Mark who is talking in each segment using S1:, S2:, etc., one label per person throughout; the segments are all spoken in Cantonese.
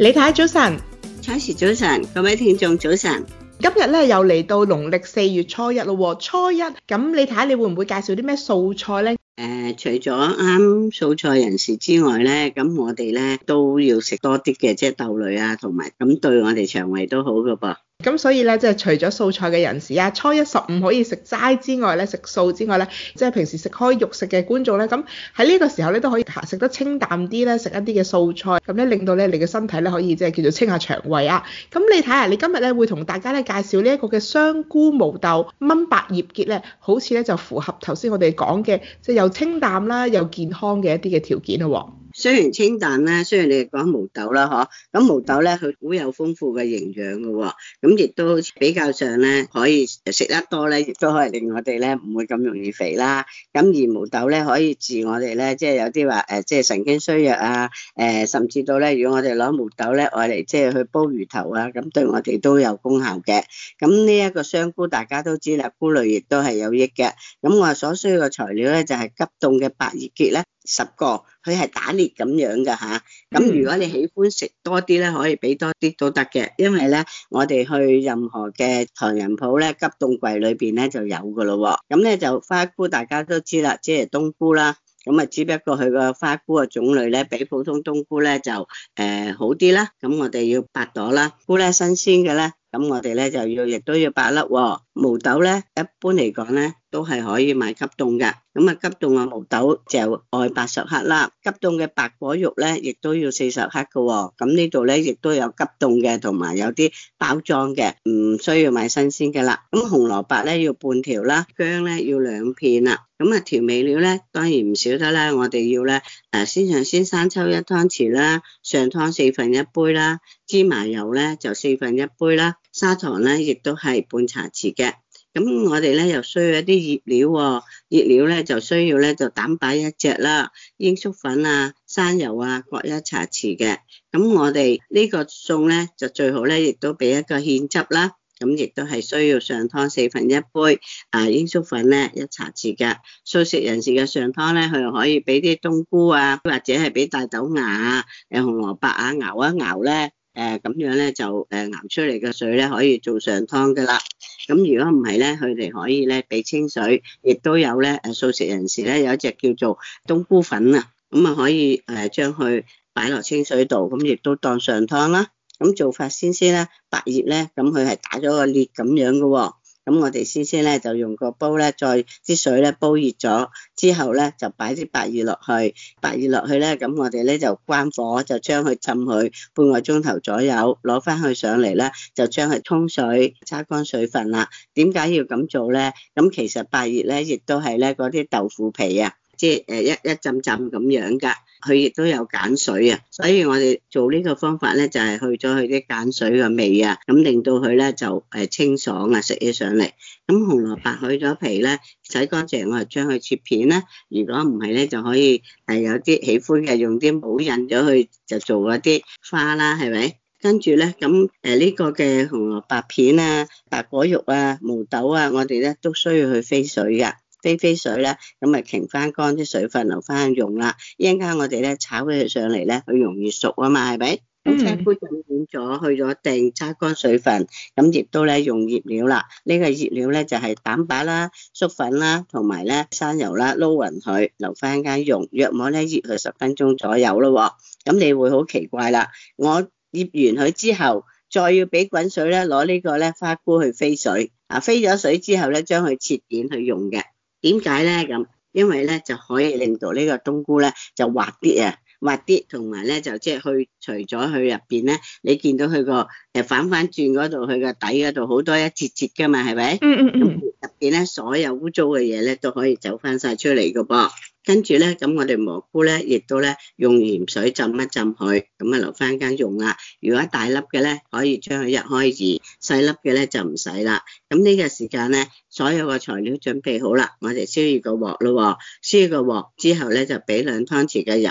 S1: 李太早晨，彩雪早晨，
S2: 各位聽眾早晨。
S1: 今日咧又嚟到農曆四月初一咯，初一，咁你睇下你會唔會介紹啲咩素菜咧？
S2: 誒、呃，除咗啱素菜人士之外咧，咁我哋咧都要食多啲嘅，即係豆類啊，同埋咁對我哋腸胃都好噶噃。
S1: 咁所以咧，即係除咗素菜嘅人士啊，初一十五可以食齋之外咧，食素之外咧，即係平時食開肉食嘅觀眾咧，咁喺呢個時候咧都可以食得清淡啲咧，食一啲嘅素菜，咁咧令到咧你嘅身體咧可以即係叫做清下腸胃啊。咁你睇下，你今日咧會同大家咧介紹呢一個嘅香菇毛豆炆白葉結咧，好似咧就符合頭先我哋講嘅，即係又清淡啦，又健康嘅一啲嘅條件咯。
S2: 雖然清淡咧，雖然你哋講毛豆啦，嗬，咁毛豆咧佢會有豐富嘅營養嘅，咁亦都比較上咧可以食得多咧，亦都可以令我哋咧唔會咁容易肥啦。咁而毛豆咧可以治我哋咧，即係有啲話誒，即係神經衰弱啊，誒，甚至到咧，如果我哋攞毛豆咧，用嚟即係去煲魚頭啊，咁對我哋都有功效嘅。咁呢一個香菇，大家都知啦，菇類亦都係有益嘅。咁我所需嘅材料咧就係、是、急凍嘅白玉結啦。十個佢係打裂咁樣噶吓，咁、嗯、如果你喜歡食多啲咧，可以俾多啲都得嘅，因為咧我哋去任何嘅唐人鋪咧，急凍櫃裏邊咧就有噶咯、哦。咁咧就花菇大家都知啦，即、就、係、是、冬菇啦，咁啊只不過佢個花菇嘅種類咧比普通冬菇咧就誒、呃、好啲啦。咁我哋要八朵啦，菇咧新鮮嘅咧，咁我哋咧就要亦都要八粒喎、哦。毛豆咧，一般嚟講咧，都係可以買急凍噶。咁啊，急凍嘅毛豆就愛八十克啦。急凍嘅白果肉咧，亦都要四十克噶喎。咁呢度咧，亦都有急凍嘅，同埋有啲包裝嘅，唔需要買新鮮噶啦。咁紅蘿蔔咧要半條啦，姜咧要兩片啦。咁啊，調味料咧，當然唔少得啦。我哋要咧，誒，先上先生抽一湯匙啦，上湯四分一杯啦，芝麻油咧就四分一杯啦，砂糖咧亦都係半茶匙嘅。咁我哋咧又需要一啲醃料、哦，醃料咧就需要咧就蛋白一隻啦，鷹粟粉啊、生油啊各一茶匙嘅。咁我哋呢個餸咧就最好咧，亦都俾一個芡汁啦。咁亦都係需要上湯四分一杯，啊鷹粟粉咧一茶匙嘅。素食人士嘅上湯咧，佢又可以俾啲冬菇啊，或者係俾大豆芽啊、誒紅蘿蔔啊，熬一熬咧，誒、啊、咁樣咧就誒、啊、熬出嚟嘅水咧可以做上湯噶啦。咁如果唔係咧，佢哋可以咧俾清水，亦都有咧，誒素食人士咧有一隻叫做冬菇粉啊，咁啊可以誒將佢擺落清水度，咁亦都當上湯啦。咁做法先先啦，白葉咧，咁佢係打咗個裂咁樣噶、哦。咁我哋先先咧，就用個煲咧，再啲水咧煲熱咗，之後咧就擺啲白葉落去，白葉落去咧，咁我哋咧就關火，就將佢浸佢半個鐘頭左右，攞翻佢上嚟咧，就將佢沖水，揸乾水分啦。點解要咁做咧？咁其實白葉咧，亦都係咧嗰啲豆腐皮啊。即係誒一一浸浸咁樣噶，佢亦都有鹼水啊，所以我哋做呢個方法咧，就係、是、去咗佢啲鹼水嘅味啊，咁令到佢咧就誒清爽啊，食起上嚟。咁紅蘿蔔去咗皮咧，洗乾淨，我係將佢切片啦。如果唔係咧，就可以誒有啲喜歡嘅用啲模印咗去，就做嗰啲花啦，係咪？跟住咧，咁誒呢個嘅紅蘿蔔片啊、白果肉啊、毛豆啊，我哋咧都需要去飛水噶。飛飛水咧，咁咪擎翻乾啲水分，留翻用啦。一陣間我哋咧炒起佢上嚟咧，佢容易熟啊嘛，係咪？咁青菇浸軟咗，去咗定，揸乾水分，咁亦都咧用醃料啦。呢、這個醃料咧就係蛋白啦、粟粉啦，同埋咧生油啦，撈勻佢，留翻一間用。約莫咧醃佢十分鐘左右咯。咁你會好奇怪啦，我醃完佢之後，再要俾滾水咧攞呢個咧花菇去飛水。啊，飛咗水之後咧，將佢切片去用嘅。點解咧咁？因為咧就可以令到呢個冬菇咧就滑啲啊！滑啲，同埋咧就即係去除咗佢入邊咧，你見到佢個誒反反轉嗰度，佢個底嗰度好多一節節噶嘛，係咪？嗯嗯嗯。入邊咧所有污糟嘅嘢咧都可以走翻晒出嚟噶噃。跟住咧，咁我哋蘑菇咧亦都咧用鹽水浸一浸佢，咁啊留翻間用啦。如果大粒嘅咧，可以將佢一開二，細粒嘅咧就唔使啦。咁呢個時間咧，所有個材料準備好啦，我哋燒熱個鑊咯。燒熱個鑊之後咧，就俾兩湯匙嘅油。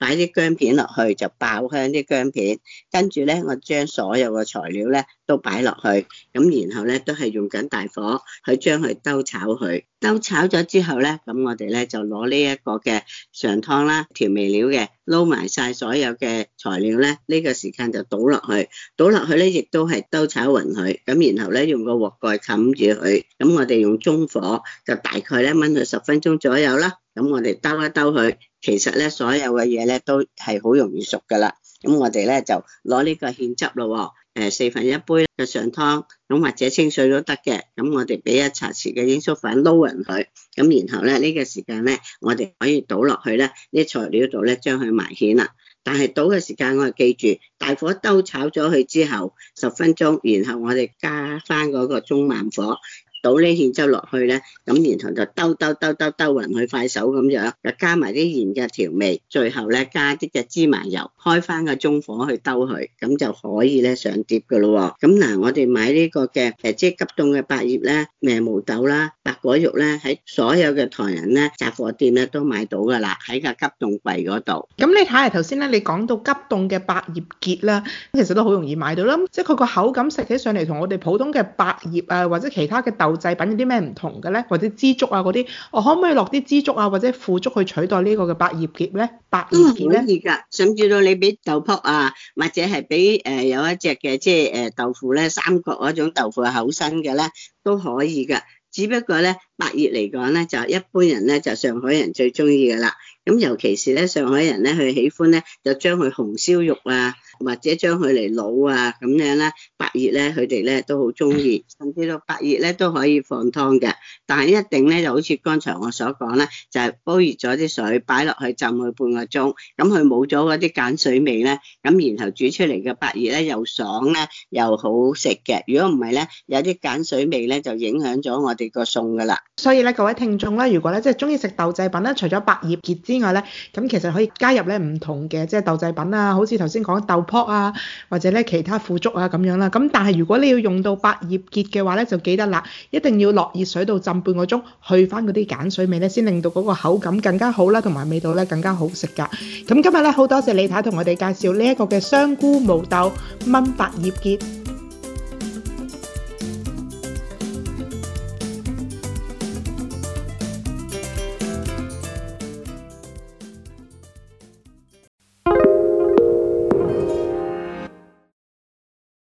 S2: 擺啲薑片落去就爆香啲薑片，跟住咧我將所有嘅材料咧都擺落去，咁然後咧都係用緊大火去將佢兜炒佢，兜炒咗之後咧，咁我哋咧就攞呢一個嘅上湯啦，調味料嘅撈埋晒所有嘅材料咧，呢個時間就倒落去，倒落去咧亦都係兜炒勻佢，咁然後咧用個鑊蓋冚住佢，咁我哋用中火就大概咧炆佢十分鐘左右啦。咁我哋兜一兜佢，其實咧所有嘅嘢咧都係好容易熟噶啦。咁我哋咧就攞呢個芡汁咯、哦，誒四分一杯嘅上湯，咁或者清水都得嘅。咁我哋俾一茶匙嘅鷹粟粉撈勻佢，咁然後咧呢、這個時間咧，我哋可以倒落去咧啲材料度咧將佢埋芡啦。但係倒嘅時間我哋記住，大火兜炒咗佢之後十分鐘，然後我哋加翻嗰個中慢火。倒啲芡汁落去咧，咁然後就兜兜兜兜兜勻去快手咁樣，又加埋啲鹽嘅調味，最後咧加啲嘅芝麻油，開翻個中火去兜佢，咁就可以咧上碟噶咯。咁嗱，我哋買呢個嘅誒即係急凍嘅百葉咧，咩毛豆啦、白果肉咧，喺所有嘅唐人咧雜貨店咧都買到噶啦，喺個急凍櫃嗰度。
S1: 咁你睇下頭先咧，你講到急凍嘅百葉結啦，其實都好容易買到啦，即係佢個口感食起上嚟同我哋普通嘅百葉啊，或者其他嘅豆。豆製品有啲咩唔同嘅咧，或者枝竹啊嗰啲，我可唔可以落啲枝竹啊或者腐竹去取代個呢個嘅百葉結咧？百葉結咧都可以
S2: 噶，甚至到你俾豆卜啊，或者係俾誒有一隻嘅即係誒豆腐咧，三角嗰種豆腐厚身嘅咧都可以噶。只不過咧，百葉嚟講咧，就一般人咧就上海人最中意噶啦。咁尤其是咧上海人咧，佢喜歡咧就將佢紅燒肉啊。或者將佢嚟滷啊咁樣咧，百葉咧佢哋咧都好中意，甚至到百葉咧都可以放湯嘅，但係一定咧就好似剛才我所講咧，就係煲熱咗啲水，擺落去浸佢半個鐘，咁佢冇咗嗰啲鹼水味咧，咁然後煮出嚟嘅百葉咧又爽咧又好食嘅。如果唔係咧，有啲鹼水味咧就影響咗我哋個餸噶啦。所以咧，各
S1: 位聽眾咧，如果咧即係中意食豆製品咧，除咗百葉結之外咧，咁其實可以加入咧唔同嘅即係豆製品啊，好似頭先講豆。p 啊，或者咧其他腐竹啊咁樣啦，咁但係如果你要用到百葉結嘅話咧，就記得啦，一定要落熱水度浸半個鐘，去翻嗰啲鹼水味咧，先令到嗰個口感更加好啦，同埋味道咧更加好食噶。咁今日咧好多謝李太同我哋介紹呢一個嘅香菇毛豆炆百葉結。